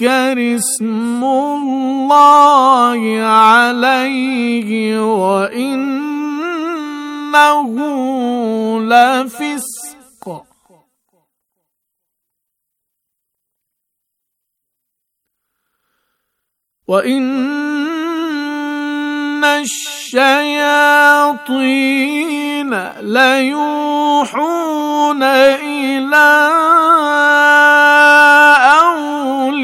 يذكر اسم الله عليه وإنه لفسق وإن إن الشياطين ليوحون إلى أوليائهم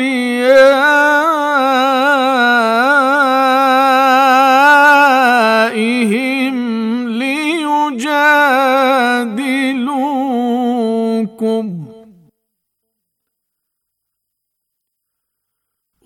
ليجادلوكم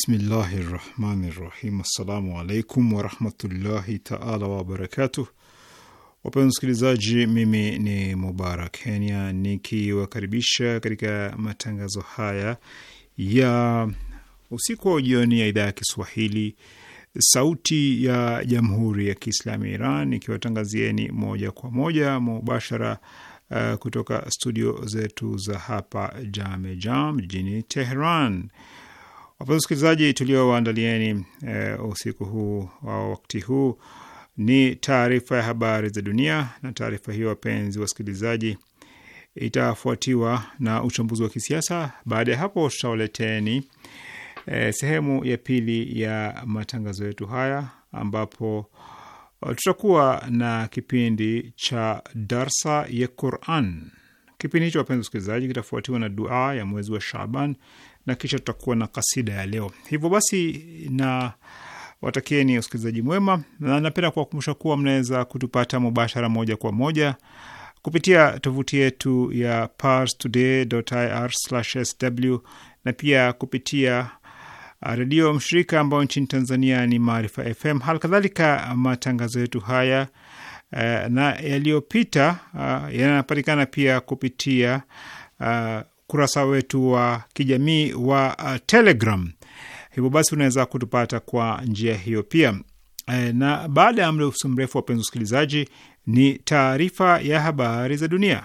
Bismillahi rahmani rahim. Assalamu alaikum warahmatullahi taala wabarakatuh. Wapenzi msikilizaji, mimi ni Mubarak Kenya nikiwakaribisha katika matangazo haya ya usiku wa jioni ya idhaa ya Kiswahili Sauti ya Jamhuri ya Kiislamu ya Iran ikiwatangazieni moja kwa moja mubashara uh, kutoka studio zetu za hapa jame jam jijini Teheran. Wapenzi wasikilizaji, tuliowaandalieni e, usiku huu wa wakati huu ni taarifa ya habari za dunia, na taarifa hiyo wapenzi wasikilizaji, itafuatiwa na uchambuzi wa kisiasa. Baada ya hapo, tutawaleteni e, sehemu ya pili ya matangazo yetu haya ambapo eh, tutakuwa na kipindi cha darsa ya Quran. Kipindi hicho wapenzi wasikilizaji, kitafuatiwa na dua ya mwezi wa Shaban na kisha tutakuwa na kasida ya leo. Hivyo basi na watakieni usikilizaji mwema, na napenda kuwakumbusha kuwa mnaweza kutupata mubashara moja kwa moja kupitia tovuti yetu ya parstoday.ir/sw na pia kupitia uh, redio mshirika ambayo nchini Tanzania ni Maarifa FM. hali kadhalika matangazo yetu haya Eh, na yaliyopita uh, yanapatikana pia kupitia uh, eh, kurasa wetu wa kijamii wa uh, Telegram. Hivyo basi unaweza kutupata kwa njia hiyo pia. na baada ya muda mrefu, wapenzi usikilizaji ni taarifa ya habari za dunia.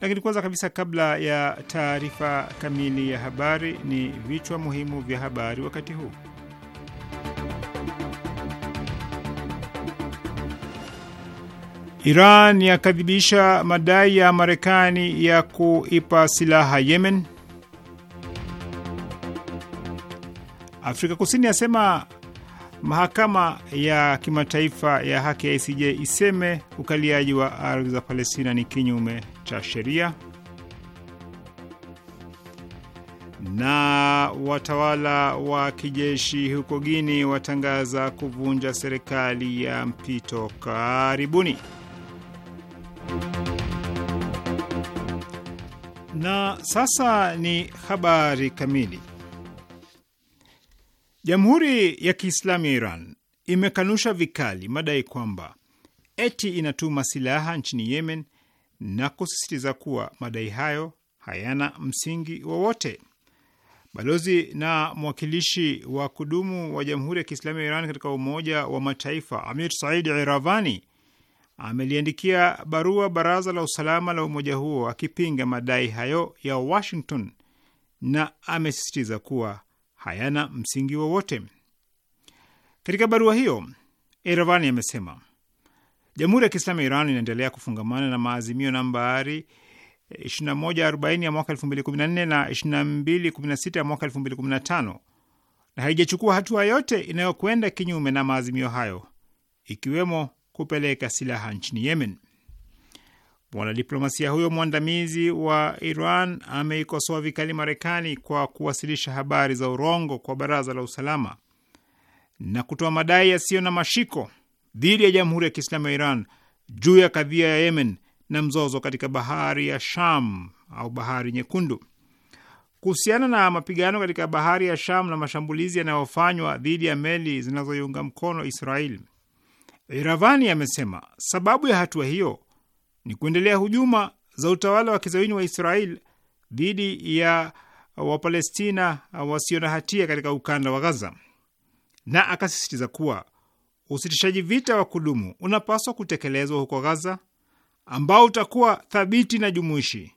Lakini kwanza kabisa, kabla ya taarifa kamili ya habari, ni vichwa muhimu vya habari wakati huu. Iran yakadhibisha madai ya Marekani ya kuipa silaha Yemen. Afrika Kusini yasema Mahakama ya kimataifa ya haki ya ICJ iseme ukaliaji wa ardhi za Palestina ni kinyume cha sheria, na watawala wa kijeshi huko Guini watangaza kuvunja serikali ya mpito karibuni. Na sasa ni habari kamili. Jamhuri ya Kiislamu ya Iran imekanusha vikali madai kwamba eti inatuma silaha nchini Yemen na kusisitiza kuwa madai hayo hayana msingi wowote. Balozi na mwakilishi wa kudumu wa Jamhuri ya Kiislamu ya Iran katika Umoja wa Mataifa Amir Said Iravani ameliandikia barua Baraza la Usalama la umoja huo akipinga madai hayo ya Washington na amesisitiza kuwa hayana msingi wowote. Katika barua hiyo, Iravani amesema Jamhuri ya Kiislamu ya Iran inaendelea kufungamana na maazimio nambari 2140 eh, ya mwaka 2014 na 2216 ya mwaka 2015 na haijachukua hatua yote inayokwenda kinyume na maazimio hayo, ikiwemo kupeleka silaha nchini Yemen. Mwanadiplomasia huyo mwandamizi wa Iran ameikosoa vikali Marekani kwa kuwasilisha habari za urongo kwa Baraza la Usalama na kutoa madai yasiyo na mashiko dhidi ya Jamhuri ya Kiislamu ya Iran juu ya kadhia ya Yemen na mzozo katika bahari ya Sham au bahari Nyekundu. Kuhusiana na mapigano katika bahari ya Sham na mashambulizi yanayofanywa dhidi ya meli zinazoiunga mkono Israel, Iravani amesema sababu ya hatua hiyo ni kuendelea hujuma za utawala wa kizawini wa Israel dhidi ya Wapalestina wasio na hatia katika ukanda wa Gaza, na akasisitiza kuwa usitishaji vita wa kudumu unapaswa kutekelezwa huko Gaza, ambao utakuwa thabiti na jumuishi,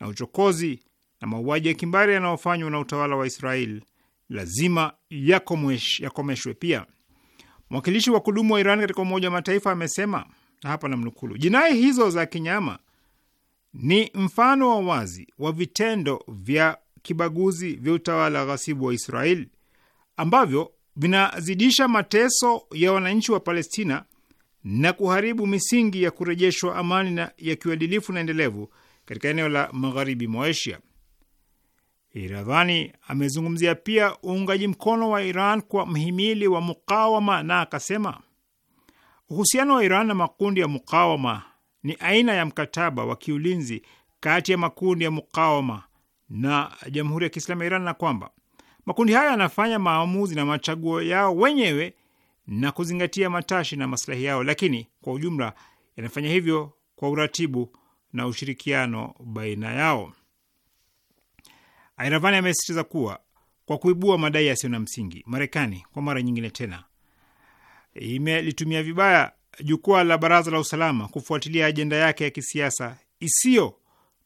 na uchokozi na mauaji ya kimbari yanayofanywa na utawala wa Israel lazima yakomeshwe. Pia mwakilishi wa kudumu wa Iran katika Umoja wa Mataifa amesema na hapa namnukulu, jinai hizo za kinyama ni mfano wa wazi wa vitendo vya kibaguzi vya utawala ghasibu wa israel ambavyo vinazidisha mateso ya wananchi wa Palestina na kuharibu misingi ya kurejeshwa amani na ya kiuadilifu na endelevu katika eneo la magharibi mwa Asia. Iravani amezungumzia pia uungaji mkono wa Iran kwa mhimili wa mukawama na akasema Uhusiano wa Iran na makundi ya mukawama ni aina ya mkataba wa kiulinzi kati ya makundi ya mukawama na Jamhuri ya Kiislamu ya Iran, na kwamba makundi hayo yanafanya maamuzi na machaguo yao wenyewe na kuzingatia matashi na maslahi yao, lakini kwa ujumla yanafanya hivyo kwa uratibu na ushirikiano baina yao. Airavani amesisitiza kuwa kwa kuibua madai yasiyo na msingi, Marekani kwa mara nyingine tena imelitumia vibaya jukwaa la Baraza la Usalama kufuatilia ajenda yake ya kisiasa isiyo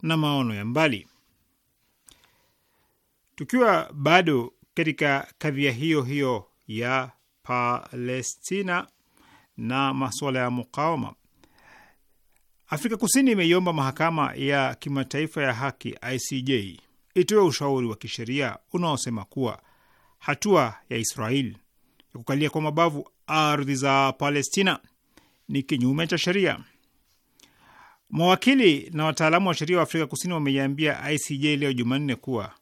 na maono ya mbali. Tukiwa bado katika kadhia hiyo hiyo ya Palestina na masuala ya mukawama, Afrika Kusini imeiomba mahakama ya kimataifa ya haki ICJ itoe ushauri wa kisheria unaosema kuwa hatua ya Israel ya kukalia kwa mabavu ardhi za Palestina ni kinyume cha sheria. Mawakili na wataalamu wa sheria wa Afrika Kusini wameiambia ICJ leo Jumanne kuwa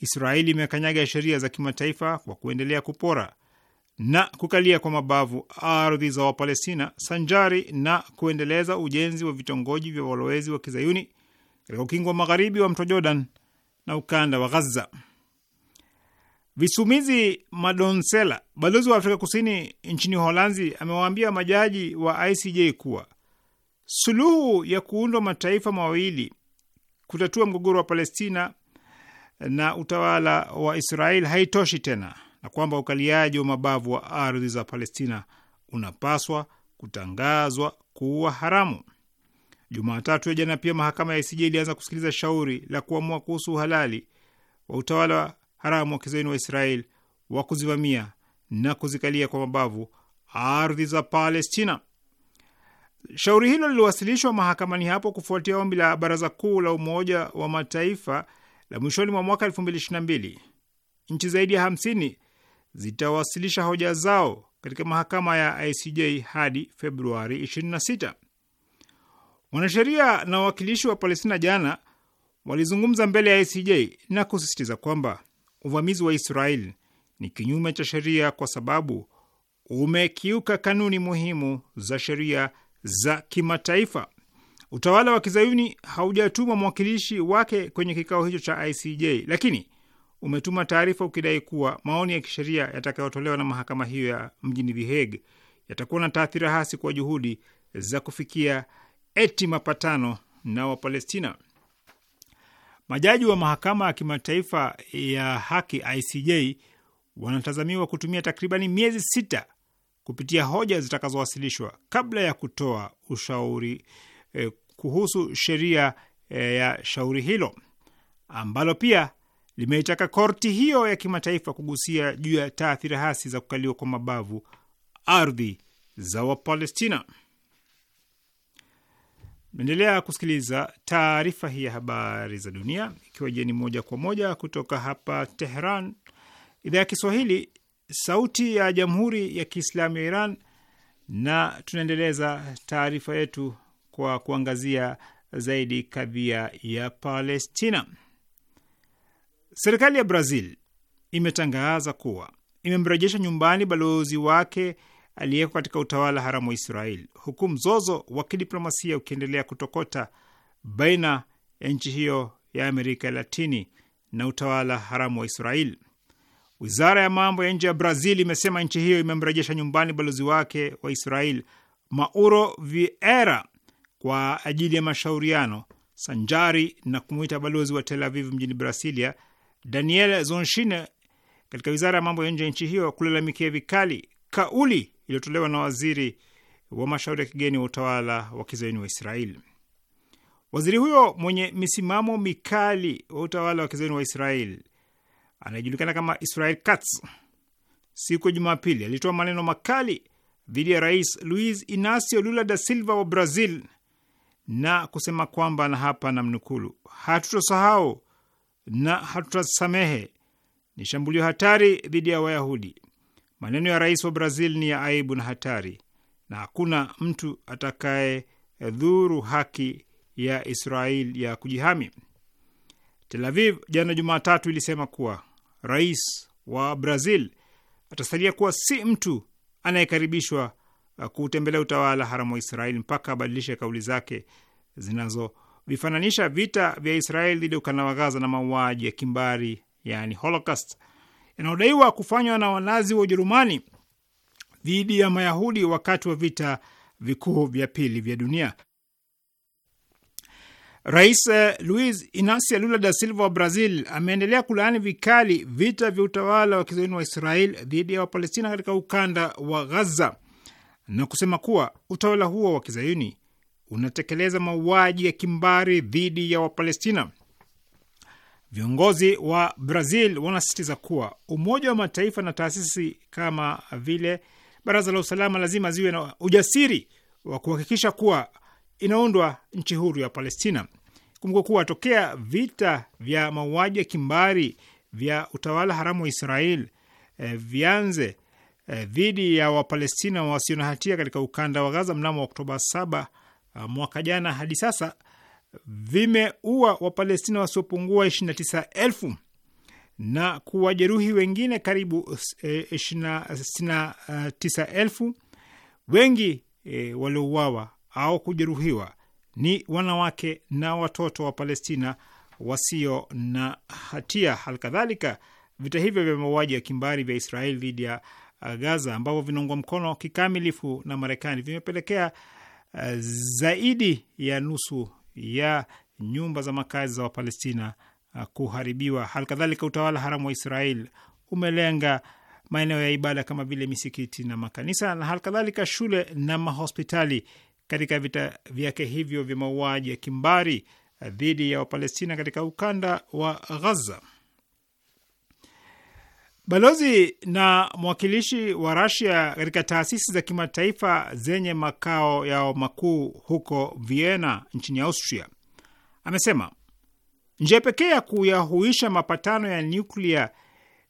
Israeli imekanyaga sheria za kimataifa kwa kuendelea kupora na kukalia kwa mabavu ardhi za Wapalestina sanjari na kuendeleza ujenzi wa vitongoji vya walowezi wa kizayuni katika ukingo wa magharibi wa mto Jordan na ukanda wa Gaza. Visumizi Madonsela, balozi wa Afrika Kusini nchini Holanzi, amewaambia majaji wa ICJ kuwa suluhu ya kuundwa mataifa mawili kutatua mgogoro wa Palestina na utawala wa Israel haitoshi tena na kwamba ukaliaji wa mabavu wa ardhi za Palestina unapaswa kutangazwa kuwa haramu. Jumatatu ya jana pia mahakama ya ICJ ilianza kusikiliza shauri la kuamua kuhusu uhalali wa utawala haramu wa kizayuni wa Israel wa kuzivamia na kuzikalia kwa mabavu ardhi za Palestina. Shauri hilo liliwasilishwa mahakamani hapo kufuatia ombi la Baraza Kuu la Umoja wa Mataifa la mwishoni mwa mwaka 2022. Nchi zaidi ya 50 zitawasilisha hoja zao katika mahakama ya ICJ hadi Februari 26. Wanasheria na wawakilishi wa Palestina jana walizungumza mbele ya ICJ na kusisitiza kwamba uvamizi wa Israel ni kinyume cha sheria kwa sababu umekiuka kanuni muhimu za sheria za kimataifa. Utawala wa kizayuni haujatuma mwakilishi wake kwenye kikao hicho cha ICJ, lakini umetuma taarifa ukidai kuwa maoni ya kisheria yatakayotolewa na mahakama hiyo ya mjini The Hague yatakuwa na taathira hasi kwa juhudi za kufikia eti mapatano na Wapalestina. Majaji wa mahakama ya kimataifa ya haki ICJ wanatazamiwa kutumia takribani miezi sita kupitia hoja zitakazowasilishwa kabla ya kutoa ushauri eh, kuhusu sheria eh, ya shauri hilo ambalo pia limeitaka korti hiyo ya kimataifa kugusia juu ya taathira hasi za kukaliwa kwa mabavu ardhi za Wapalestina. Naendelea kusikiliza taarifa hii ya habari za dunia, ikiwa jeni moja kwa moja kutoka hapa Tehran, idhaa ya Kiswahili, sauti ya jamhuri ya kiislamu ya Iran, na tunaendeleza taarifa yetu kwa kuangazia zaidi kadhia ya Palestina. Serikali ya Brazil imetangaza kuwa imemrejesha nyumbani balozi wake aliyeko katika utawala haramu wa Israeli, huku mzozo wa kidiplomasia ukiendelea kutokota baina ya nchi hiyo ya Amerika ya Latini na utawala haramu wa Israel. Wizara ya mambo ya nje ya Brazil imesema nchi hiyo imemrejesha nyumbani balozi wake wa Israel Mauro Vieira kwa ajili ya mashauriano sanjari na kumwita balozi wa Tel Aviv mjini Brasilia Daniel Zonshine katika wizara ya mambo ya nje ya nchi hiyo kulalamikia vikali kauli iliyotolewa na waziri wa mashauri ya kigeni wa utawala wa kizayuni wa Israeli. Waziri huyo mwenye misimamo mikali wa utawala wa kizayuni wa Israeli anayejulikana kama Israel Katz, siku ya Jumapili alitoa maneno makali dhidi ya Rais Luiz Inacio Lula da Silva wa Brazil na kusema kwamba, na hapa na mnukulu, hatutosahau na hatutasamehe, ni shambulio hatari dhidi ya Wayahudi Maneno ya rais wa Brazil ni ya aibu na hatari, na hakuna mtu atakayedhuru haki ya Israel ya kujihami. Tel Aviv jana Jumatatu ilisema kuwa rais wa Brazil atasalia kuwa si mtu anayekaribishwa kuutembelea utawala haramu wa israel mpaka abadilishe kauli zake zinazovifananisha vita vya israel dhidi ya ukanda wa Gaza na mauaji ya kimbari, yani Holocaust yanayodaiwa kufanywa na wanazi wa Ujerumani dhidi ya Mayahudi wakati wa vita vikuu vya pili vya dunia. Rais eh, Luiz Inacio Lula da Silva wa Brazil ameendelea kulaani vikali vita vya utawala wa kizayuni wa Israel dhidi ya Wapalestina katika ukanda wa Ghaza na kusema kuwa utawala huo wa kizayuni unatekeleza mauaji ya kimbari dhidi ya Wapalestina. Viongozi wa Brazil wanasisitiza kuwa Umoja wa Mataifa na taasisi kama vile Baraza la Usalama lazima ziwe na ujasiri wa kuhakikisha kuwa inaundwa nchi huru ya Palestina. Kumbuka kuwa tokea vita vya mauaji ya kimbari vya utawala haramu wa Israel eh, vianze eh, dhidi ya Wapalestina wasio na hatia katika ukanda wa Gaza mnamo Oktoba 7 eh, mwaka jana hadi sasa vimeua Wapalestina wasiopungua 29,000 na kuwajeruhi wengine karibu 69,000. E, e, Wengi e, waliouawa au kujeruhiwa ni wanawake na watoto wa Palestina wasio na hatia. Halikadhalika, vita hivyo vya mauaji ya kimbari vya Israeli dhidi ya e, Gaza ambavyo vinaungwa mkono kikamilifu na Marekani vimepelekea zaidi ya nusu ya nyumba za makazi za Wapalestina uh, kuharibiwa. Halikadhalika, utawala haramu wa Israel umelenga maeneo ya ibada kama vile misikiti na makanisa na halikadhalika shule na mahospitali katika vita vyake hivyo vya mauaji ya kimbari uh, dhidi ya Wapalestina katika ukanda wa Ghaza. Balozi na mwakilishi wa Rasia katika taasisi za kimataifa zenye makao yao makuu huko Vienna nchini Austria amesema njia pekee ya kuyahuisha mapatano ya nyuklia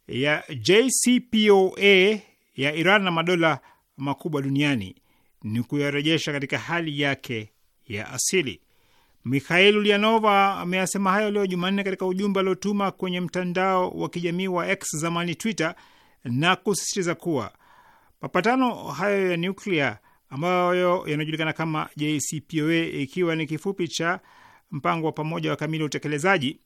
ya JCPOA ya Iran na madola makubwa duniani ni kuyarejesha katika hali yake ya asili. Mikhail Ulyanova ameyasema hayo leo Jumanne katika ujumbe aliotuma kwenye mtandao wa kijamii wa X zamani Twitter na kusisitiza kuwa mapatano hayo ya nuklia ambayo yanajulikana kama JCPOA ikiwa ni kifupi cha mpango wa pamoja wa kamili utekelezaji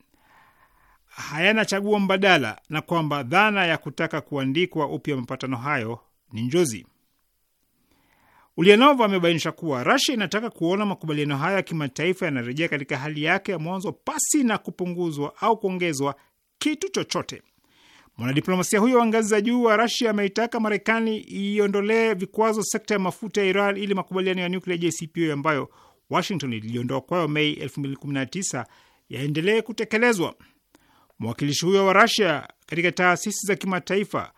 hayana chaguo mbadala na kwamba dhana ya kutaka kuandikwa upya mapatano hayo ni njozi. Ulianov amebainisha kuwa Rasia inataka kuona makubaliano haya ya kimataifa yanarejea katika hali yake ya mwanzo pasi na kupunguzwa au kuongezwa kitu chochote. Mwanadiplomasia huyo wa ngazi za juu wa Rasia ameitaka Marekani iondolee vikwazo sekta ya mafuta ya Iran ili makubaliano ya nuklia JCPOA ambayo Washington iliondoa kwayo Mei 2019 yaendelee kutekelezwa. Mwakilishi huyo wa Rasia katika taasisi za kimataifa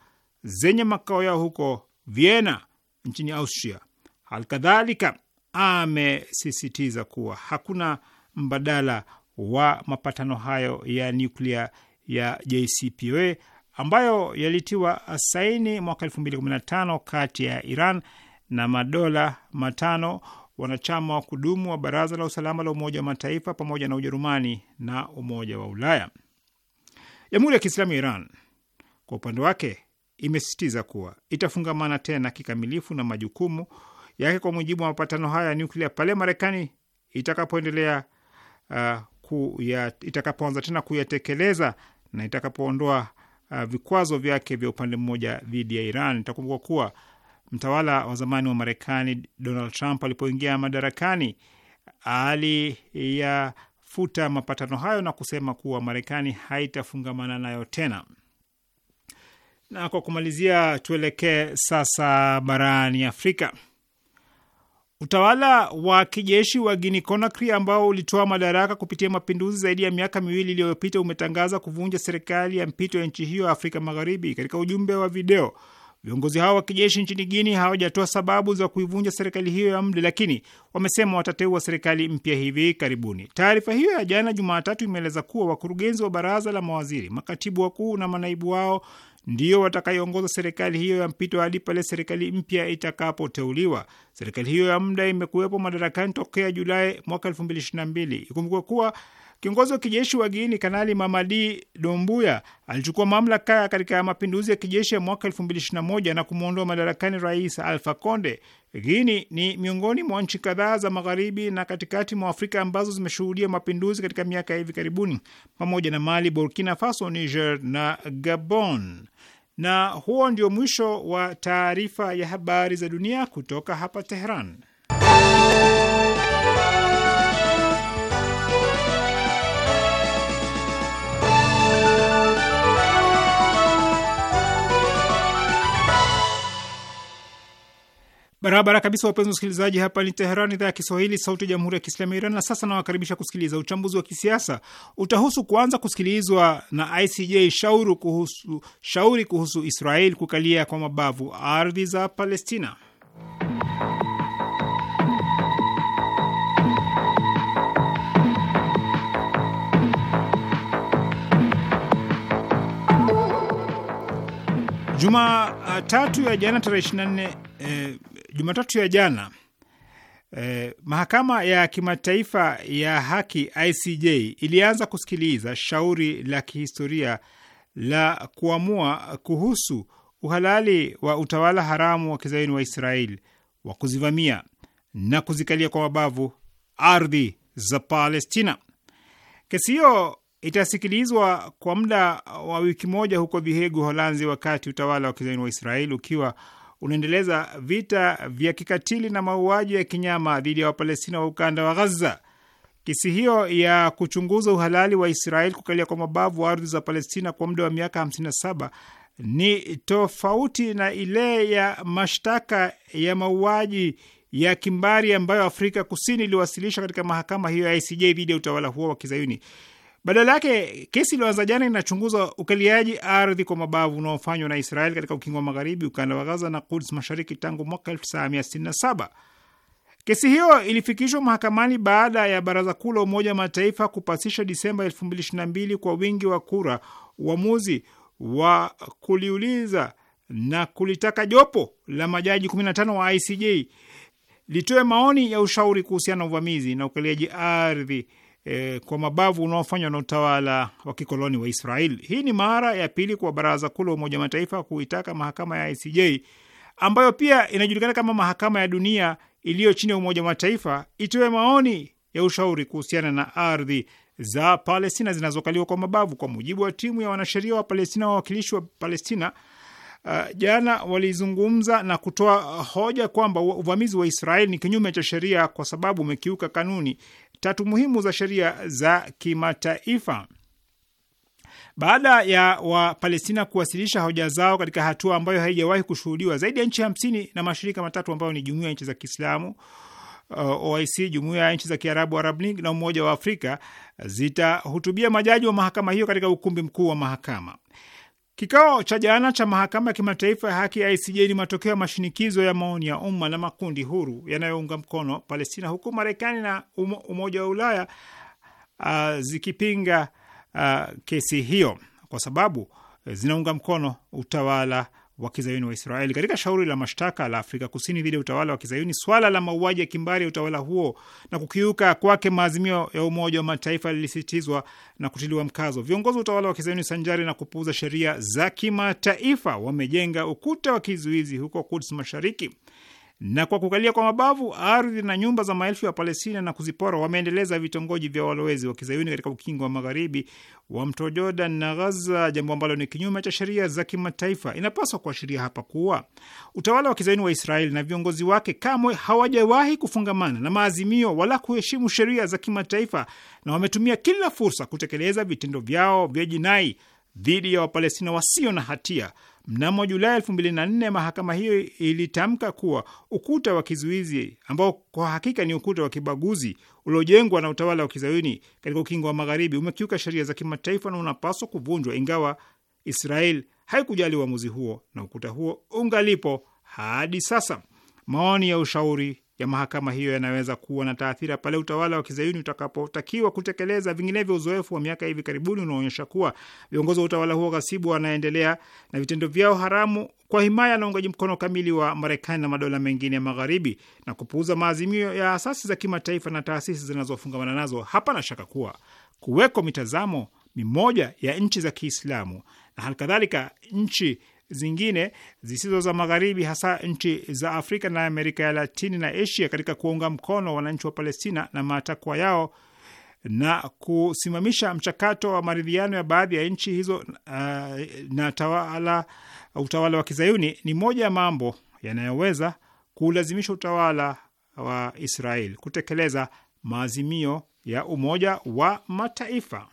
zenye makao yao huko Vienna nchini Austria Alkadhalika amesisitiza kuwa hakuna mbadala wa mapatano hayo ya nyuklia ya JCPOA ambayo yalitiwa saini mwaka 2015 kati ya Iran na madola matano wanachama wa kudumu wa Baraza la Usalama la Umoja wa Mataifa pamoja na Ujerumani na Umoja wa Ulaya. Jamhuri ya Kiislamu ya Iran kwa upande wake imesisitiza kuwa itafungamana tena kikamilifu na majukumu yake kwa mujibu wa mapatano haya ya nuklia pale Marekani itakapoendelea uh, itakapoanza tena kuyatekeleza na itakapoondoa uh, vikwazo vyake vya upande mmoja dhidi ya Iran. Itakumbuka kuwa mtawala wa zamani wa Marekani Donald Trump alipoingia madarakani aliyafuta mapatano hayo na kusema kuwa Marekani haitafungamana nayo tena. Na kwa kumalizia, tuelekee sasa barani Afrika. Utawala wa kijeshi wa Guinea Conakry ambao ulitoa madaraka kupitia mapinduzi zaidi ya miaka miwili iliyopita umetangaza kuvunja serikali ya mpito ya nchi hiyo ya Afrika Magharibi. Katika ujumbe wa video, viongozi hao wa kijeshi nchini Guinea hawajatoa sababu za kuivunja serikali hiyo ya muda, lakini wamesema watateua serikali mpya hivi karibuni. Taarifa hiyo ya jana Jumatatu imeeleza kuwa wakurugenzi wa baraza la mawaziri, makatibu wakuu na manaibu wao ndio watakayoongoza serikali hiyo ya mpito hadi pale serikali mpya itakapoteuliwa. Serikali hiyo ya muda imekuwepo madarakani tokea Julai mwaka 2022. Ikumbukwe kuwa Kiongozi wa kijeshi wa Guini Kanali Mamadi Dombuya alichukua mamlaka katika mapinduzi ya kijeshi ya mwaka 2021 na kumwondoa madarakani Rais Alfa Conde. Guini ni miongoni mwa nchi kadhaa za magharibi na katikati mwa Afrika ambazo zimeshuhudia mapinduzi katika miaka ya hivi karibuni, pamoja na Mali, Burkina Faso, Niger na Gabon. Na huo ndio mwisho wa taarifa ya habari za dunia kutoka hapa Teheran. Barabara kabisa, wapenzi wasikilizaji, hapa ni Teheran, idhaa ya Kiswahili, sauti ya jamhuri ya kiislamu ya Iran. Na sasa nawakaribisha kusikiliza uchambuzi wa kisiasa. Utahusu kuanza kusikilizwa na ICJ shauri kuhusu, shauri kuhusu Israel kukalia kwa mabavu ardhi za Palestina. Jumatatu ya jana tarehe 24 eh, Jumatatu ya jana eh, mahakama ya kimataifa ya haki ICJ ilianza kusikiliza shauri la kihistoria la kuamua kuhusu uhalali wa utawala haramu wa kizayuni wa israel wa kuzivamia na kuzikalia kwa mabavu ardhi za Palestina. Kesi hiyo itasikilizwa kwa muda wa wiki moja huko Vihegu, holanzi wakati utawala wa kizayuni wa israel ukiwa unaendeleza vita vya kikatili na mauaji ya kinyama dhidi ya Wapalestina wa ukanda wa Ghaza. Kesi hiyo ya kuchunguza uhalali wa Israeli kukalia kwa mabavu wa ardhi za Palestina kwa muda wa miaka 57 ni tofauti na ile ya mashtaka ya mauaji ya kimbari ambayo Afrika Kusini iliwasilisha katika mahakama hiyo ya ICJ dhidi ya utawala huo wa kizayuni. Badala yake kesi iliyoanza jana inachunguza ukaliaji ardhi kwa mabavu unaofanywa na Israel katika ukingo wa magharibi, ukanda wa Gaza na Kuds mashariki tangu mwaka 1967. Kesi hiyo ilifikishwa mahakamani baada ya baraza kuu la Umoja wa Mataifa kupasisha Disemba 2022 kwa wingi wa kura uamuzi wa kuliuliza na kulitaka jopo la majaji 15 wa ICJ litoe maoni ya ushauri kuhusiana na uvamizi na ukaliaji ardhi e, kwa mabavu unaofanywa na utawala wa kikoloni wa Israel. Hii ni mara ya pili kwa Baraza Kuu la Umoja wa Mataifa kuitaka mahakama ya ICJ ambayo pia inajulikana kama mahakama ya dunia iliyo chini ya Umoja wa Mataifa itoe maoni ya ushauri kuhusiana na ardhi za Palestina zinazokaliwa kwa mabavu. Kwa mujibu wa timu ya wanasheria wa Palestina, wawakilishi wa Palestina Uh, jana walizungumza na kutoa hoja kwamba uvamizi wa Israel ni kinyume cha sheria kwa sababu umekiuka kanuni tatu muhimu za sheria za kimataifa. Baada ya Wapalestina kuwasilisha hoja zao katika hatua ambayo haijawahi kushuhudiwa, zaidi ya nchi hamsini na mashirika matatu ambayo ni Jumuiya ya Nchi za Kiislamu uh, OIC, Jumuiya ya Nchi za Kiarabu Arab League na Umoja wa Afrika zitahutubia majaji wa mahakama hiyo katika ukumbi mkuu wa mahakama. Kikao cha jana cha mahakama ya kimataifa ya haki ya ICJ ni matokeo ya mashinikizo ya maoni ya umma na makundi huru yanayounga mkono Palestina, huku Marekani na Umoja wa Ulaya uh, zikipinga uh, kesi hiyo kwa sababu zinaunga mkono utawala wa kizayuni wa Israeli. Katika shauri la mashtaka la Afrika Kusini dhidi ya utawala wa kizayuni, swala la mauaji ya kimbari ya utawala huo na kukiuka kwake maazimio ya Umoja wa Mataifa lilisitizwa na kutiliwa mkazo. Viongozi wa utawala wa kizayuni, sanjari na kupuuza sheria za kimataifa, wamejenga ukuta wa kizuizi huko Kuds Mashariki na kwa kukalia kwa mabavu ardhi na nyumba za maelfu ya Palestina na kuzipora, wameendeleza vitongoji vya walowezi wa kizayuni katika ukingo wa magharibi wa mto Jordan na Ghaza, jambo ambalo ni kinyume cha sheria za kimataifa. Inapaswa kuashiria hapa kuwa utawala wa kizayuni wa Israeli na viongozi wake kamwe hawajawahi kufungamana na maazimio wala kuheshimu sheria za kimataifa, na wametumia kila fursa kutekeleza vitendo vyao vya jinai dhidi ya Wapalestina wasio na hatia Mnamo Julai 2004 mahakama hiyo ilitamka kuwa ukuta wa kizuizi ambao kwa hakika ni ukuta wa kibaguzi uliojengwa na utawala wa kizayuni katika ukingo wa magharibi umekiuka sheria za kimataifa na unapaswa kuvunjwa, ingawa Israel haikujali uamuzi huo na ukuta huo ungalipo hadi sasa. Maoni ya ushauri ya mahakama hiyo yanaweza kuwa na taathira pale utawala wa kizayuni utakapotakiwa kutekeleza. Vinginevyo, uzoefu wa miaka hivi karibuni unaonyesha kuwa viongozi wa utawala huo ghasibu wanaendelea na vitendo vyao haramu kwa himaya na uungaji mkono kamili wa Marekani na madola mengine ya Magharibi na kupuuza maazimio ya asasi za kimataifa na taasisi zinazofungamana nazo. Hapana shaka kuwa kuweko mitazamo mimoja ya nchi za Kiislamu na halikadhalika nchi zingine zisizo za magharibi, hasa nchi za Afrika na Amerika ya Latini na Asia katika kuunga mkono wananchi wa Palestina na matakwa yao na kusimamisha mchakato wa maridhiano ya baadhi ya nchi hizo uh, na tawala, utawala wa kizayuni ni moja ya mambo yanayoweza kuulazimisha utawala wa Israel kutekeleza maazimio ya Umoja wa Mataifa.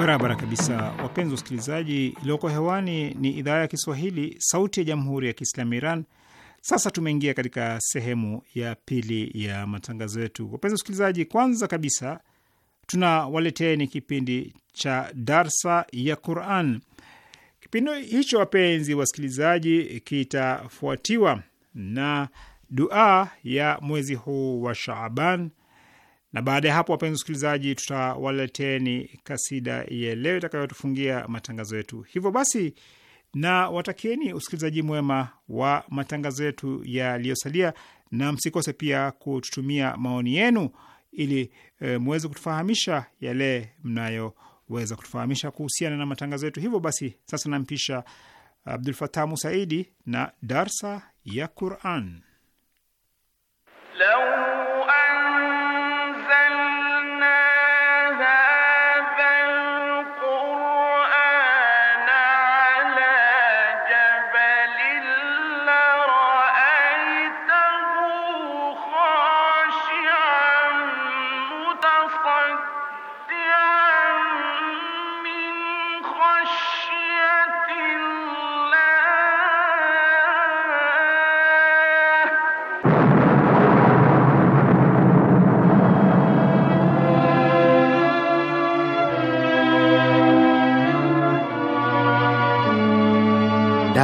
Barabara kabisa, wapenzi wasikilizaji, iliyoko hewani ni idhaa ya Kiswahili, Sauti ya Jamhuri ya Kiislamu Iran. Sasa tumeingia katika sehemu ya pili ya matangazo yetu. Wapenzi wasikilizaji, kwanza kabisa tunawaleteni kipindi cha darsa ya Quran. Kipindi hicho wapenzi wasikilizaji, kitafuatiwa na duaa ya mwezi huu wa Shaaban na baada ya hapo, wapenzi wasikilizaji, tutawaleteni kasida ya leo itakayotufungia matangazo yetu. Hivyo basi, na watakieni usikilizaji mwema wa matangazo yetu yaliyosalia, na msikose pia kututumia maoni yenu ili e, mweze kutufahamisha yale mnayoweza kutufahamisha kuhusiana na matangazo yetu. Hivyo basi, sasa nampisha Abdul Fatah Musaidi na darsa ya Quran Law.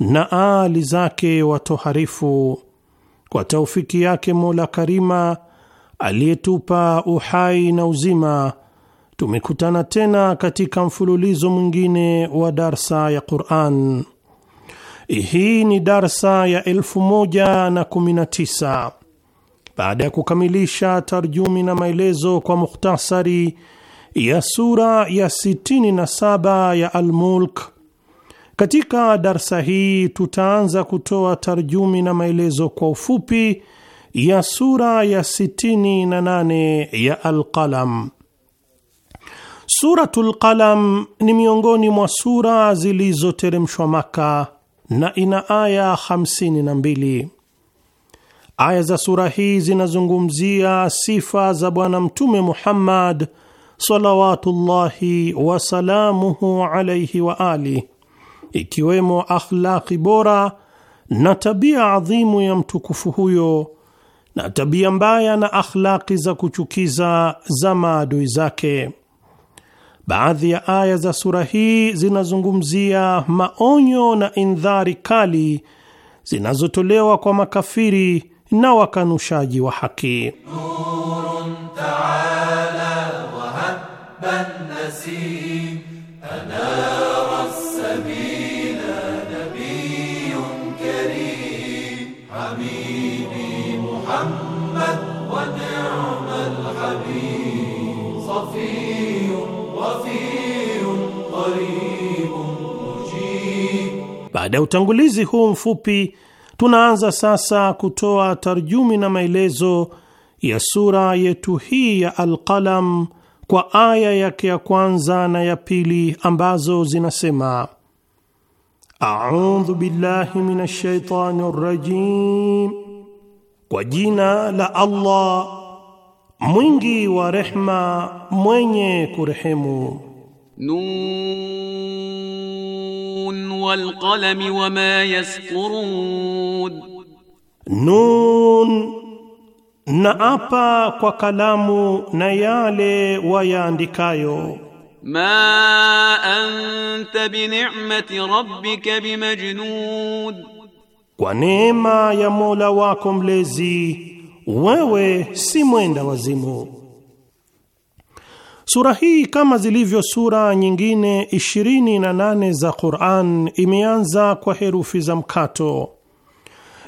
na aali zake watoharifu. Kwa taufiki yake Mola Karima aliyetupa uhai na uzima, tumekutana tena katika mfululizo mwingine wa darsa ya Quran. Hii ni darsa ya elfu moja na kumi na tisa baada ya kukamilisha tarjumi na maelezo kwa mukhtasari ya sura ya 67 ya Almulk. Katika darsa hii tutaanza kutoa tarjumi na maelezo kwa ufupi ya sura ya 68 ya Alqalam. Suratul Qalam ni miongoni mwa sura zilizoteremshwa Maka na ina aya 52. Aya za sura hii zinazungumzia sifa za Bwana Mtume Muhammad salawatullahi wasalamuhu alaihi wa ali ikiwemo akhlaqi bora na tabia adhimu ya mtukufu huyo na tabia mbaya na akhlaqi za kuchukiza za maadui zake. Baadhi ya aya za sura hii zinazungumzia maonyo na indhari kali zinazotolewa kwa makafiri na wakanushaji wa haki Nurun Baada ya utangulizi huu mfupi, tunaanza sasa kutoa tarjumi na maelezo ya sura yetu hii ya Alqalam kwa aya yake ya kwanza na ya pili ambazo zinasema: audhu billahi minash shaitani rajim, kwa jina la Allah mwingi wa rehma mwenye kurehemu. Nun wal qalami wama yasqurun, Nun na apa kwa kalamu na yale wayaandikayo. Ma anta bi ni'mati rabbika bimajnud, kwa neema ya Mola wako mlezi wewe si mwenda wazimu. Sura hii kama zilivyo sura nyingine 28 za Qur'an imeanza kwa herufi za mkato,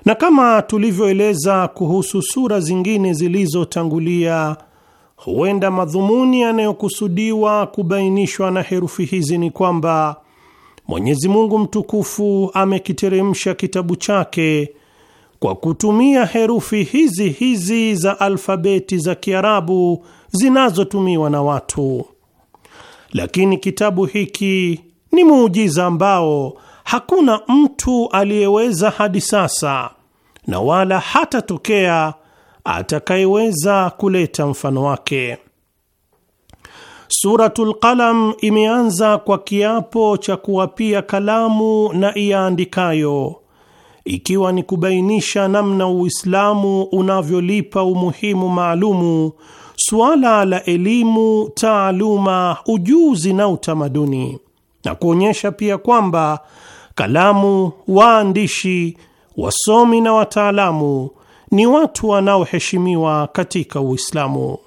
na kama tulivyoeleza kuhusu sura zingine zilizotangulia, huenda madhumuni yanayokusudiwa kubainishwa na herufi hizi ni kwamba Mwenyezi Mungu mtukufu amekiteremsha kitabu chake kwa kutumia herufi hizi hizi za alfabeti za Kiarabu zinazotumiwa na watu. Lakini kitabu hiki ni muujiza ambao hakuna mtu aliyeweza hadi sasa na wala hatatokea atakayeweza kuleta mfano wake. Suratul Qalam imeanza kwa kiapo cha kuwapia kalamu na iyaandikayo, ikiwa ni kubainisha namna Uislamu unavyolipa umuhimu maalumu suala la elimu, taaluma, ujuzi na utamaduni, na kuonyesha pia kwamba kalamu, waandishi, wasomi na wataalamu ni watu wanaoheshimiwa katika Uislamu,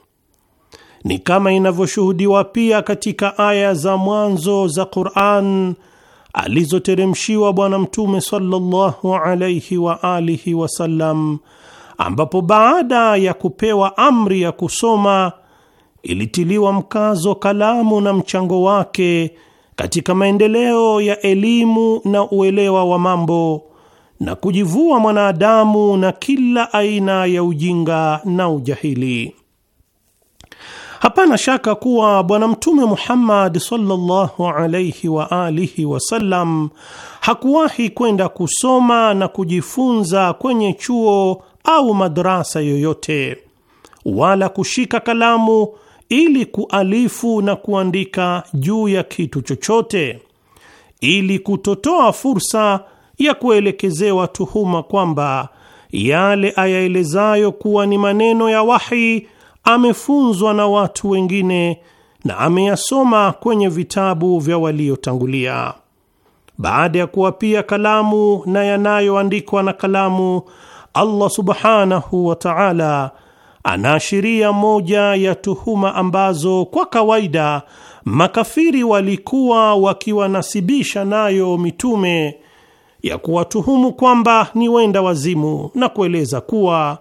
ni kama inavyoshuhudiwa pia katika aya za mwanzo za Qur'an alizoteremshiwa Bwana Mtume sallallahu alayhi wa alihi wasallam ambapo baada ya kupewa amri ya kusoma ilitiliwa mkazo kalamu na mchango wake katika maendeleo ya elimu na uelewa wa mambo na kujivua mwanadamu na kila aina ya ujinga na ujahili. Hapana shaka kuwa Bwana Mtume Muhammad sallallahu alayhi wa alihi wasallam hakuwahi kwenda kusoma na kujifunza kwenye chuo au madrasa yoyote, wala kushika kalamu ili kualifu na kuandika juu ya kitu chochote, ili kutotoa fursa ya kuelekezewa tuhuma kwamba yale ayaelezayo kuwa ni maneno ya wahi amefunzwa na watu wengine na ameyasoma kwenye vitabu vya waliotangulia. Baada ya kuwapia kalamu na yanayoandikwa na kalamu Allah subhanahu wa ta'ala anaashiria moja ya tuhuma ambazo kwa kawaida makafiri walikuwa wakiwanasibisha nayo mitume ya kuwatuhumu kwamba ni wenda wazimu, na kueleza kuwa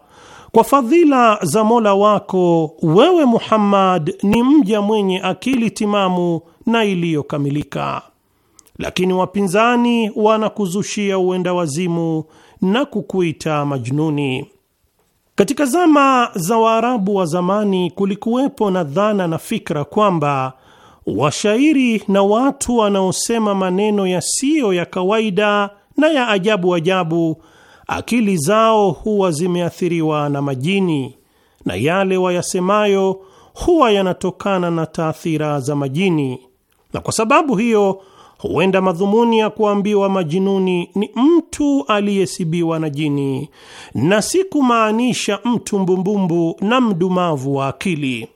kwa fadhila za Mola wako wewe Muhammad ni mja mwenye akili timamu na iliyokamilika, lakini wapinzani wanakuzushia uenda wazimu na kukuita majnuni. Katika zama za Waarabu wa zamani kulikuwepo na dhana na fikra kwamba washairi na watu wanaosema maneno yasiyo ya kawaida na ya ajabu ajabu, akili zao huwa zimeathiriwa na majini na yale wayasemayo huwa yanatokana na taathira za majini, na kwa sababu hiyo huenda madhumuni ya kuambiwa majinuni ni mtu aliyesibiwa na jini na si kumaanisha mtu mbumbumbu na mdumavu wa akili.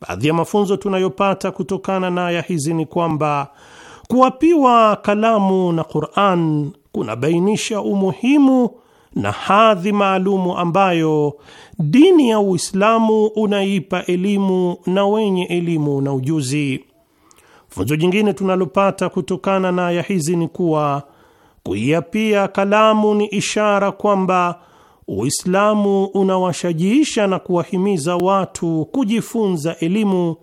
Baadhi ya mafunzo tunayopata kutokana na aya hizi ni kwamba kuapiwa kalamu na Qur'an kunabainisha umuhimu na hadhi maalumu ambayo dini ya Uislamu unaipa elimu na wenye elimu na ujuzi. Funzo jingine tunalopata kutokana na aya hizi ni kuwa kuiapia kalamu ni ishara kwamba Uislamu unawashajiisha na kuwahimiza watu kujifunza elimu,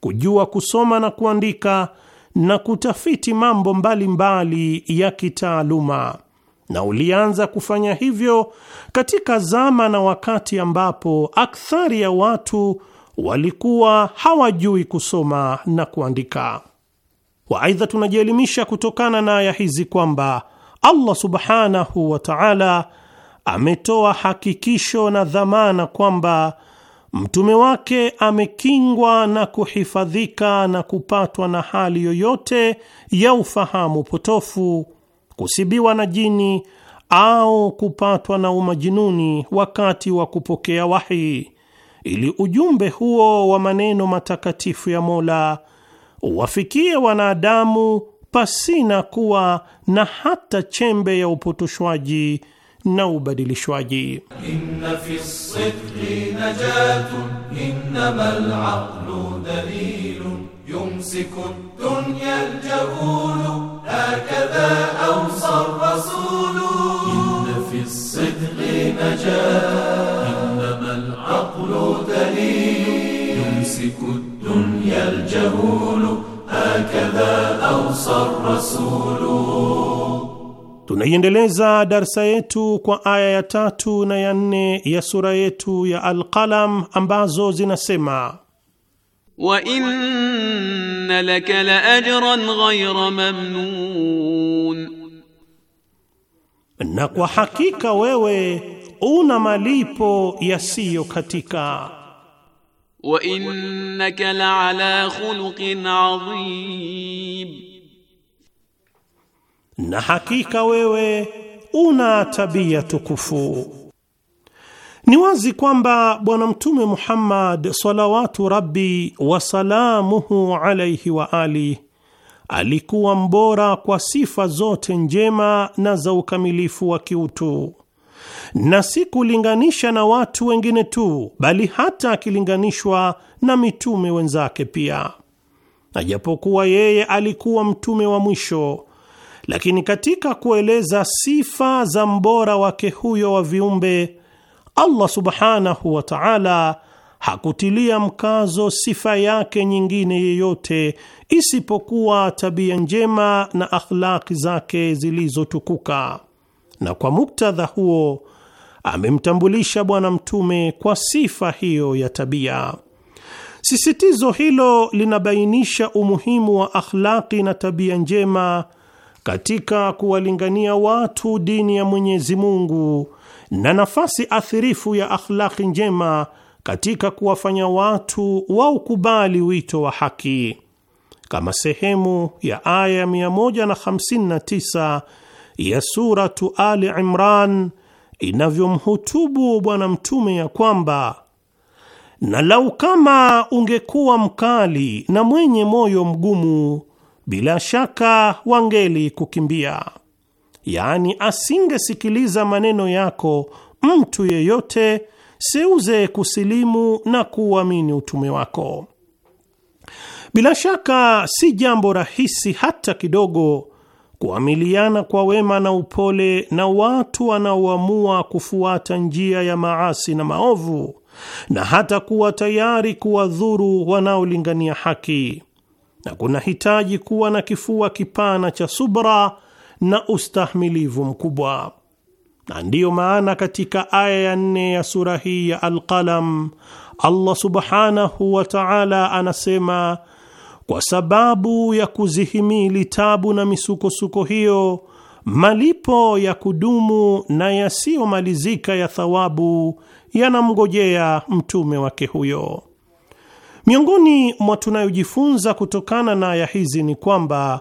kujua kusoma na kuandika na kutafiti mambo mbalimbali mbali ya kitaaluma, na ulianza kufanya hivyo katika zama na wakati ambapo akthari ya watu walikuwa hawajui kusoma na kuandika wa aidha, tunajielimisha kutokana na aya hizi kwamba Allah subhanahu wa ta'ala ametoa hakikisho na dhamana kwamba mtume wake amekingwa na kuhifadhika na kupatwa na hali yoyote ya ufahamu potofu, kusibiwa na jini au kupatwa na umajinuni wakati wa kupokea wahi, ili ujumbe huo wa maneno matakatifu ya Mola wafikie wanadamu pasina kuwa na hata chembe ya upotoshwaji na ubadilishwaji. Inna fi sidqi innama al-aqlu yumsiku dunya al hakadha awsa rasulu. Inna fi sidqi innama al-aqlu يمسك الدنيا الجهول هكذا أوصى الرسول Tunaiendeleza darsa yetu kwa aya ya tatu na ya nne ya sura yetu ya Alqalam ambazo zinasema wa inna laka la ajran ghayra mamnun, na kwa hakika wewe una malipo yasiyokatika wa innaka la'ala khuluqin adhim, na hakika wewe una tabia tukufu. Ni wazi kwamba Bwana Mtume Muhammad salawatu rabbi wasalamuhu alaihi wa ali alikuwa mbora kwa sifa zote njema na za ukamilifu wa kiutu na si kulinganisha na watu wengine tu, bali hata akilinganishwa na mitume wenzake pia. Na japokuwa yeye alikuwa mtume wa mwisho, lakini katika kueleza sifa za mbora wake huyo wa viumbe, Allah subhanahu wa ta'ala hakutilia mkazo sifa yake nyingine yeyote isipokuwa tabia njema na akhlaki zake zilizotukuka. Na kwa muktadha huo amemtambulisha Bwana Mtume kwa sifa hiyo ya tabia. Sisitizo hilo linabainisha umuhimu wa akhlaki na tabia njema katika kuwalingania watu dini ya Mwenyezi Mungu na nafasi athirifu ya akhlaki njema katika kuwafanya watu waukubali wito wa haki kama sehemu ya aya 159 ya suratu Ali Imran inavyomhutubu Bwana Mtume ya kwamba na lau kama ungekuwa mkali na mwenye moyo mgumu, bila shaka wangeli kukimbia. Yaani, asingesikiliza maneno yako mtu yeyote, seuze kusilimu na kuuamini utume wako. Bila shaka si jambo rahisi hata kidogo kuamiliana kwa wema na upole na watu wanaoamua kufuata njia ya maasi na maovu, na hata kuwa tayari kuwadhuru wanaolingania haki, na kuna hitaji kuwa na kifua kipana cha subra na ustahmilivu mkubwa. Na ndiyo maana katika aya ya nne ya sura hii ya Alqalam, Allah subhanahu wa ta'ala anasema kwa sababu ya kuzihimili tabu na misukosuko hiyo, malipo ya kudumu na yasiyomalizika ya thawabu yanamngojea mtume wake huyo. Miongoni mwa tunayojifunza kutokana na aya hizi ni kwamba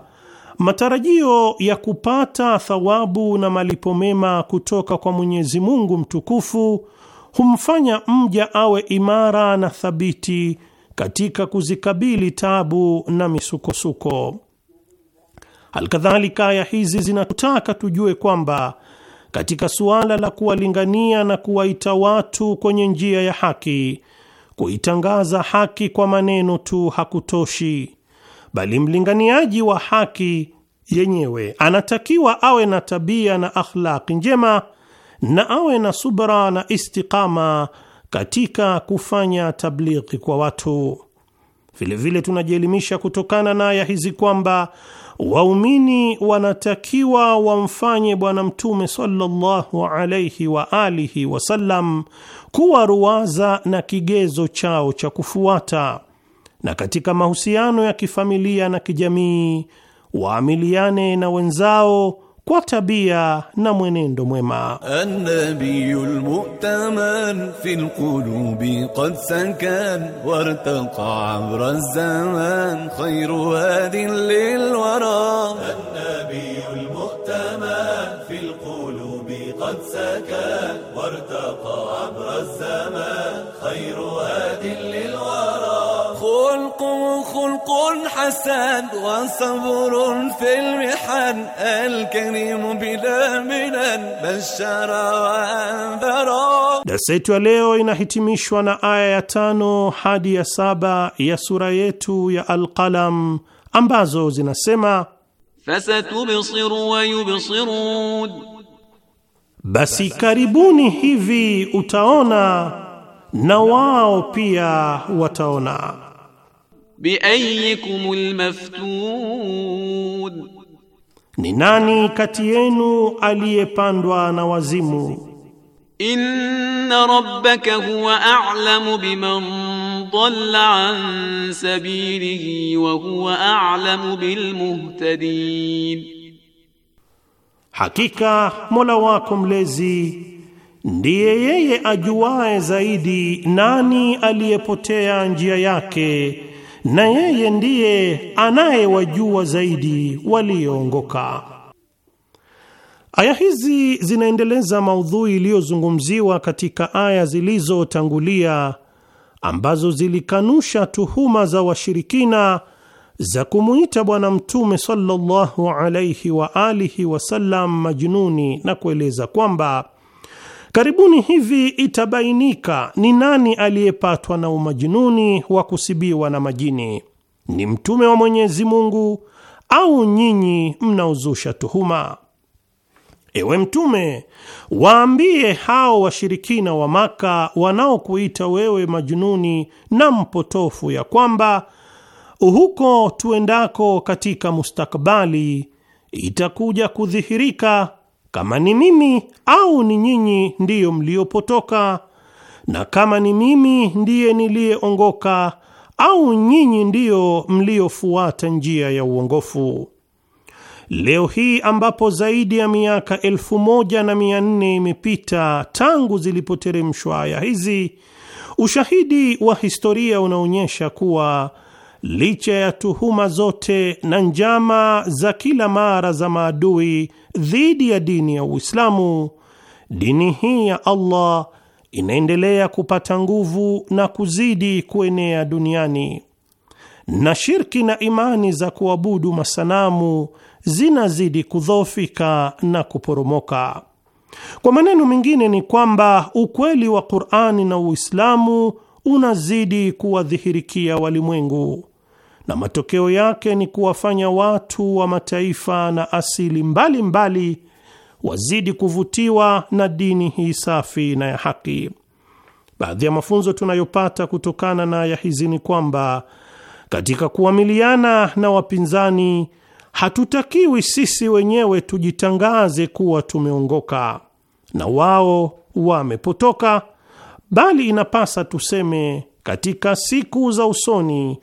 matarajio ya kupata thawabu na malipo mema kutoka kwa Mwenyezi Mungu mtukufu humfanya mja awe imara na thabiti katika kuzikabili tabu na misukosuko. Alkadhalika, aya hizi zinatutaka tujue kwamba katika suala la kuwalingania na kuwaita watu kwenye njia ya haki, kuitangaza haki kwa maneno tu hakutoshi, bali mlinganiaji wa haki yenyewe anatakiwa awe na tabia na akhlaki njema na awe na subra na istiqama katika kufanya tablighi kwa watu. Vilevile tunajielimisha kutokana na aya hizi kwamba waumini wanatakiwa wamfanye Bwana Mtume sallallahu alaihi wa alihi wasallam kuwa ruwaza na kigezo chao cha kufuata, na katika mahusiano ya kifamilia na kijamii waamiliane na wenzao kwa tabia na mwenendo mwema. annabiyul mu'taman fil qulubi qad sankan wartaqa amra zaman khayru hadin lil wara annabiyul mu'taman fil qulubi qad sakan wartaqa amra zaman khayru hadin lil الخلق خلق حسن وصبر في المحن الكريم بلا منن بشر وانذر. Darsa yetu ya leo inahitimishwa na aya ya tano hadi ya saba ya sura yetu ya Alqalam ambazo zinasema fasatubsiru wa yubsirun, basi karibuni hivi utaona na wao pia wataona bi ayyikumul maftun, ni nani kati yenu aliyepandwa na wazimu? Inna rabbaka huwa a'lamu biman dhalla an sabilihi wa huwa a'lamu bil muhtadin, hakika Mola wako mlezi ndiye yeye ajuae zaidi nani aliyepotea njia yake na yeye ndiye anayewajua zaidi walioongoka. Aya hizi zinaendeleza maudhui iliyozungumziwa katika aya zilizotangulia ambazo zilikanusha tuhuma za washirikina za kumuita Bwana Mtume sallallahu alayhi wa alihi wasallam majnuni na kueleza kwamba Karibuni hivi itabainika ni nani aliyepatwa na umajinuni wa kusibiwa na majini, ni mtume wa Mwenyezi Mungu au nyinyi mnaozusha tuhuma? Ewe Mtume, waambie hao washirikina wa Maka wanaokuita wewe majununi na mpotofu ya kwamba huko tuendako katika mustakbali itakuja kudhihirika kama ni mimi au ni nyinyi ndiyo mliopotoka, na kama ni mimi ndiye niliyeongoka au nyinyi ndiyo mliofuata njia ya uongofu. Leo hii ambapo zaidi ya miaka elfu moja na mia nne imepita tangu zilipoteremshwa aya hizi, ushahidi wa historia unaonyesha kuwa licha ya tuhuma zote na njama za kila mara za maadui dhidi ya dini ya Uislamu, dini hii ya Allah inaendelea kupata nguvu na kuzidi kuenea duniani, na shirki na imani za kuabudu masanamu zinazidi kudhoofika na kuporomoka. Kwa maneno mengine, ni kwamba ukweli wa Qur'ani na Uislamu unazidi kuwadhihirikia walimwengu na matokeo yake ni kuwafanya watu wa mataifa na asili mbalimbali mbali, wazidi kuvutiwa na dini hii safi na ya haki. Baadhi ya mafunzo tunayopata kutokana na aya hizi ni kwamba katika kuamiliana na wapinzani, hatutakiwi sisi wenyewe tujitangaze kuwa tumeongoka na wao wamepotoka, bali inapasa tuseme katika siku za usoni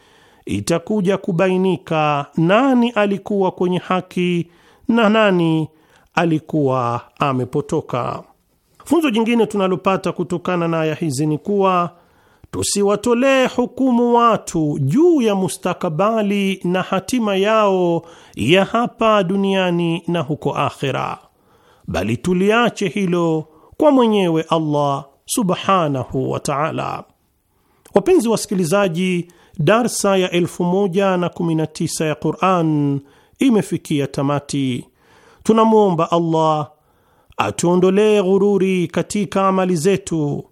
itakuja kubainika nani alikuwa kwenye haki na nani alikuwa amepotoka. Funzo jingine tunalopata kutokana na aya hizi ni kuwa tusiwatolee hukumu watu juu ya mustakabali na hatima yao ya hapa duniani na huko akhera, bali tuliache hilo kwa mwenyewe Allah subhanahu wa ta'ala. Wapenzi wasikilizaji, darsa ya 1019 ya Qur'an imefikia tamati. Tunamwomba Allah atuondolee ghururi katika amali zetu,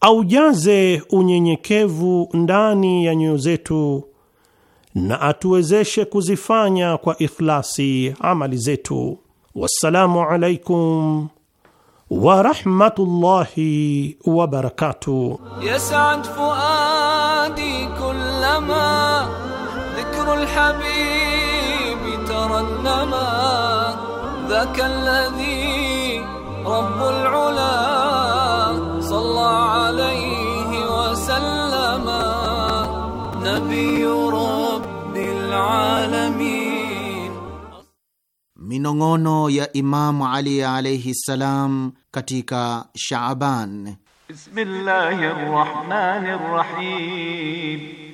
aujaze unyenyekevu ndani ya nyoyo zetu na atuwezeshe kuzifanya kwa ikhlasi amali zetu. Wassalamu alaikum wa rahmatullahi wa barakatuh. الحبيب ترنما ذاك الذي رب العلا صلى عليه وسلم نبي رب العالمين منونو يا إمام علي عليه السلام كتيكا شعبان بسم الله الرحمن الرحيم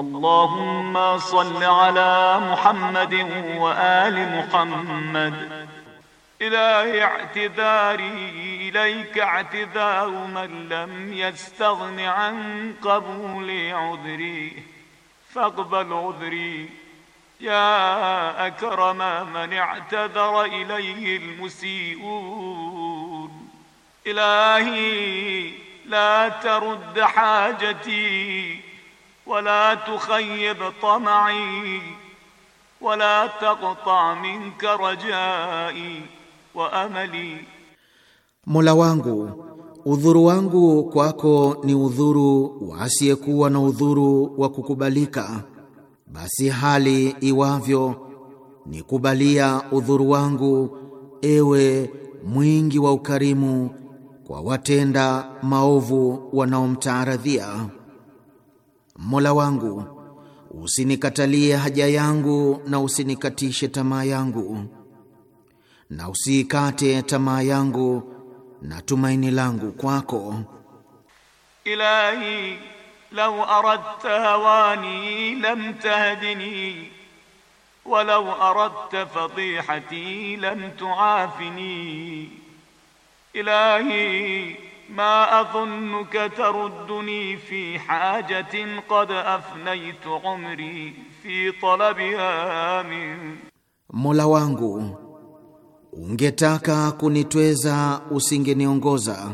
اللهم صل على محمد وآل محمد إلهي اعتذاري إليك اعتذار من لم يستغن عن قبول عذري فاقبل عذري يا أكرم من اعتذر إليه المسيئون إلهي لا ترد حاجتي wala tukhayyib tam'i wala taqta minka rajai wa amali, Mola wangu udhuru wangu kwako ni udhuru wa asiyekuwa na udhuru wa kukubalika, basi hali iwavyo nikubalia udhuru wangu, ewe mwingi wa ukarimu kwa watenda maovu wanaomtaaradhia. Mola wangu, usinikatalie haja yangu na usinikatishe tamaa yangu, na usiikate tamaa yangu na tumaini langu kwako. Ilahi law aradta hawani lam tahdini walau aradta fadihati lam tuafini ilahi ma adhunnuka tarudduni fi hajatin qad afnaytu umri fi talabiha min, Mola wangu, ungetaka kunitweza usingeniongoza,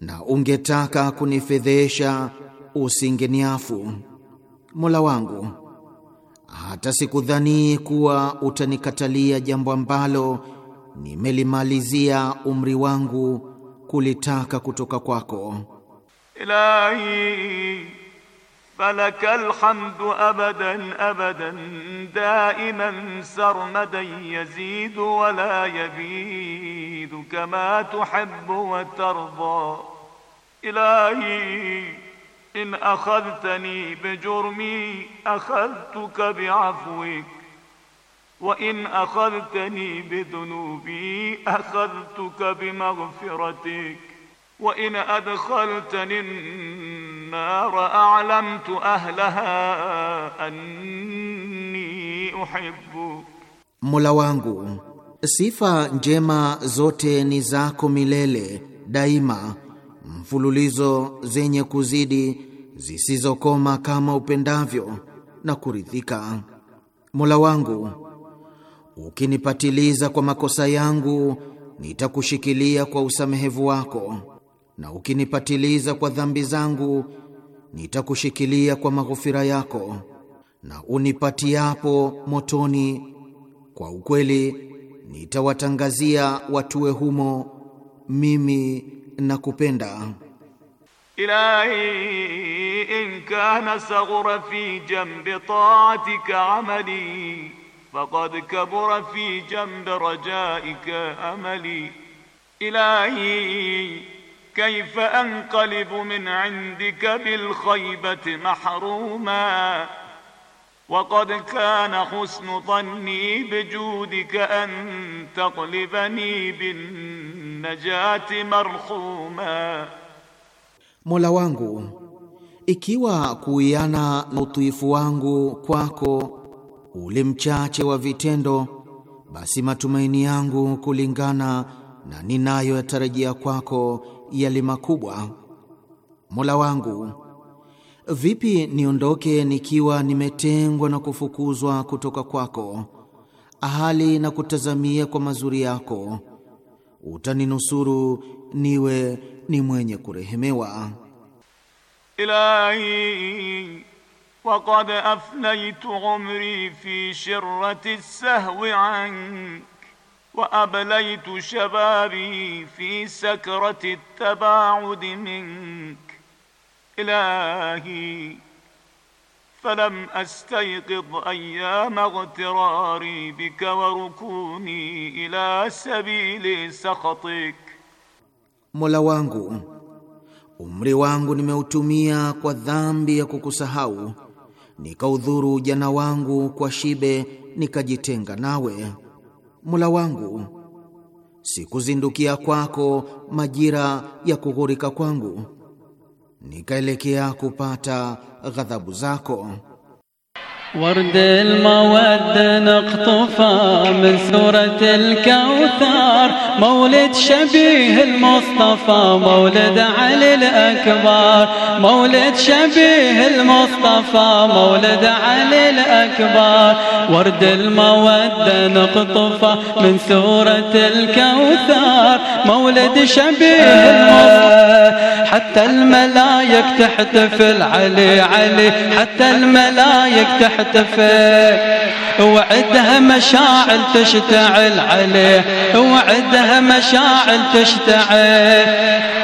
na ungetaka kunifedhesha usingeniafu. Mola wangu, hata sikudhani kuwa utanikatalia jambo ambalo nimelimalizia umri wangu kulitaka kutoka kwako. Ilahi falakal hamdu abadan abadan daiman sarmadan yazidu wa la yabidu kama tuhibbu wa tarda ilahi in akhadhtani bijurmi akhadhtuka biafwika wa in akhadhtani bidhunubi akhadhtuka bimaghfiratik wa in adkhaltani an-nar a'lamtu ahlaha anni uhibbuk, Mola wangu sifa njema zote ni zako milele daima, mfululizo zenye kuzidi zisizokoma, kama upendavyo na kuridhika. Mola wangu ukinipatiliza kwa makosa yangu nitakushikilia kwa usamehevu wako, na ukinipatiliza kwa dhambi zangu nitakushikilia kwa maghofira yako, na unipatiapo motoni kwa ukweli nitawatangazia watuwe humo mimi nakupenda. Ilahi in kana saghura fi jambi taatika amali faqad kabura fi jam darajaika amali ilahi kaifa anqalibu min indika bilkhaybati mahruma waqad kana husnu dhanni bijudika an taqlibani binnajati marhuma, Mola wangu, ikiwa kuiana na utiifu wangu kwako ule mchache wa vitendo, basi matumaini yangu kulingana na ninayoyatarajia kwako yali makubwa. Mola wangu, vipi niondoke nikiwa nimetengwa na kufukuzwa kutoka kwako, ahali na kutazamia kwa mazuri yako. Utaninusuru niwe ni mwenye kurehemewa. Ilahi Fakad afnaytu umri fi shirrati sahwi ank wa ablaytu shababi fi sakrati tabaudi mink ilahi falam astayqid ayyama ightirari bika wa rukuni ila sabili sakhatik, Mola wangu umri wangu nimeutumia kwa dhambi ya kukusahau nikaudhuru ujana wangu kwa shibe, nikajitenga nawe. Mola wangu, sikuzindukia kwako majira ya kughurika kwangu, nikaelekea kupata ghadhabu zako. ورد المودة نقطفة من سورة الكوثر مولد شبيه المصطفى مولد علي الأكبر مولد شبيه المصطفى مولد علي الأكبر ورد المودة نقطفة من سورة الكوثر مولد شبيه المصطفى حتى الملايك تحتفل علي علي حتى الملايك تحتفل احتفل وعدها مشاعل تشتعل عليه وعدها مشاعل تشتعل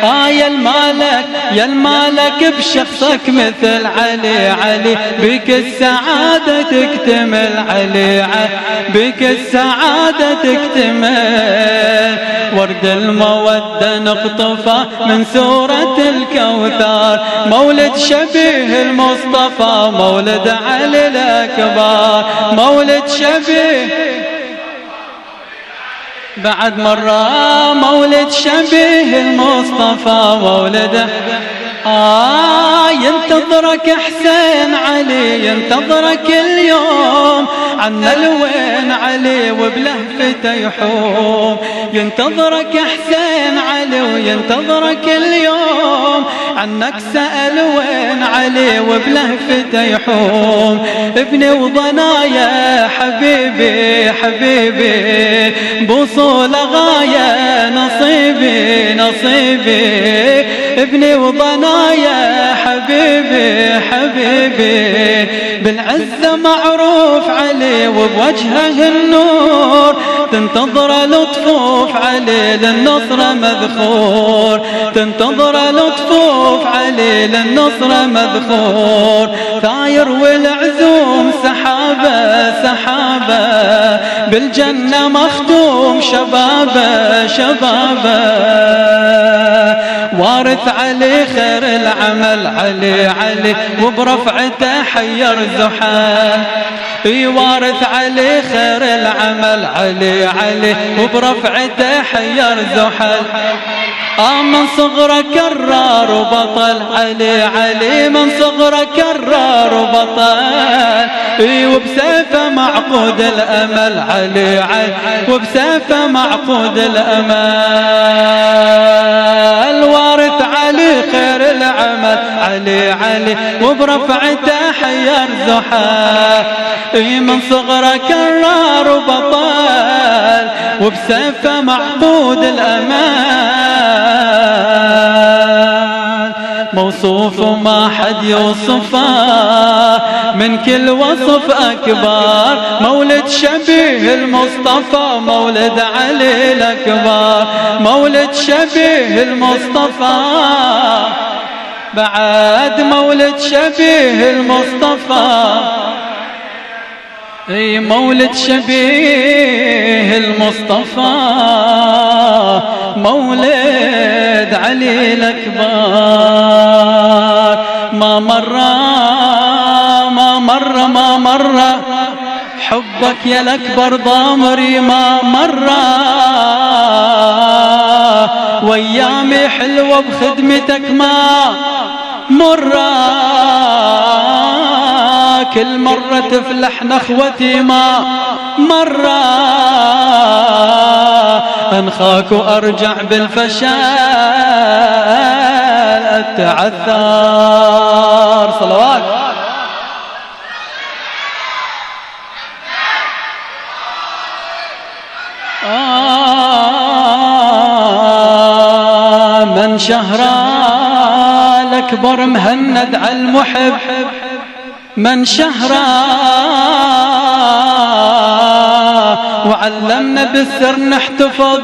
آه يا المالك يا المالك بشخصك مثل علي علي بك السعادة تكتمل علي بك السعادة تكتمل ورد المودة نقطفة من سورة الكوثر مولد شبيه المصطفى مولد علي الأكبر مولد شبي بعد مرة مولد شبيه المصطفى مولده آه، ينتظرك حسين علي ينتظرك اليوم عنا الوين علي وبلهفته يحوم ينتظرك حسين علي وينتظرك اليوم عنك سأل وين علي وبلهفته يحوم ابني وضنايا حبيبي حبيبي بوصول غاية نصيبي نصيبي ابني وضنايا حبيبي حبيبي بالعزة معروف علي وبوجهه النور تنتظر لطفوف علي للنصرة مذخور تنتظر لطفوف علي للنصرة مذخور ثاير والعزوم سحابة سحابة بالجنة مختوم شبابه شبابه وارث علي خير العمل علي علي وبرفعته حير زحاه وارث علي خير العمل علي علي وبرفعته حير زحاه من صغر كرر وبطل علي علي من صغر كرر وبطل اي وبسيفه معقود الامل علي علي وبسيفه معقود الامل وارث علي خير العمل علي علي وبرفعته حير زحال اي من صغر كرر وبطل وبسيفه معقود الامل موصوف ما حد يوصفه من كل وصف أكبر مولد شبيه المصطفى مولد علي الأكبر مولد شبيه المصطفى بعد مولد شبيه المصطفى اي مولد شبيه المصطفى مولد علي الاكبر ما مر ما مر ما مر حبك يا الاكبر ضامري ما مر وايامي حلوه بخدمتك ما مره كل مرة تفلح نخوتي ما مرة أنخاك وأرجع بالفشل أتعثر صلوات آه من شهران الأكبر مهند على المحب من شهرا وعلمنا بالثر نحتفظ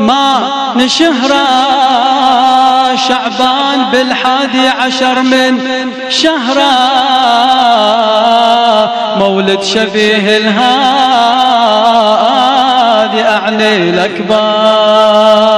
ما نشهرا شعبان بالحادي عشر من شهرا مولد شبيه الهادي أعني الأكبر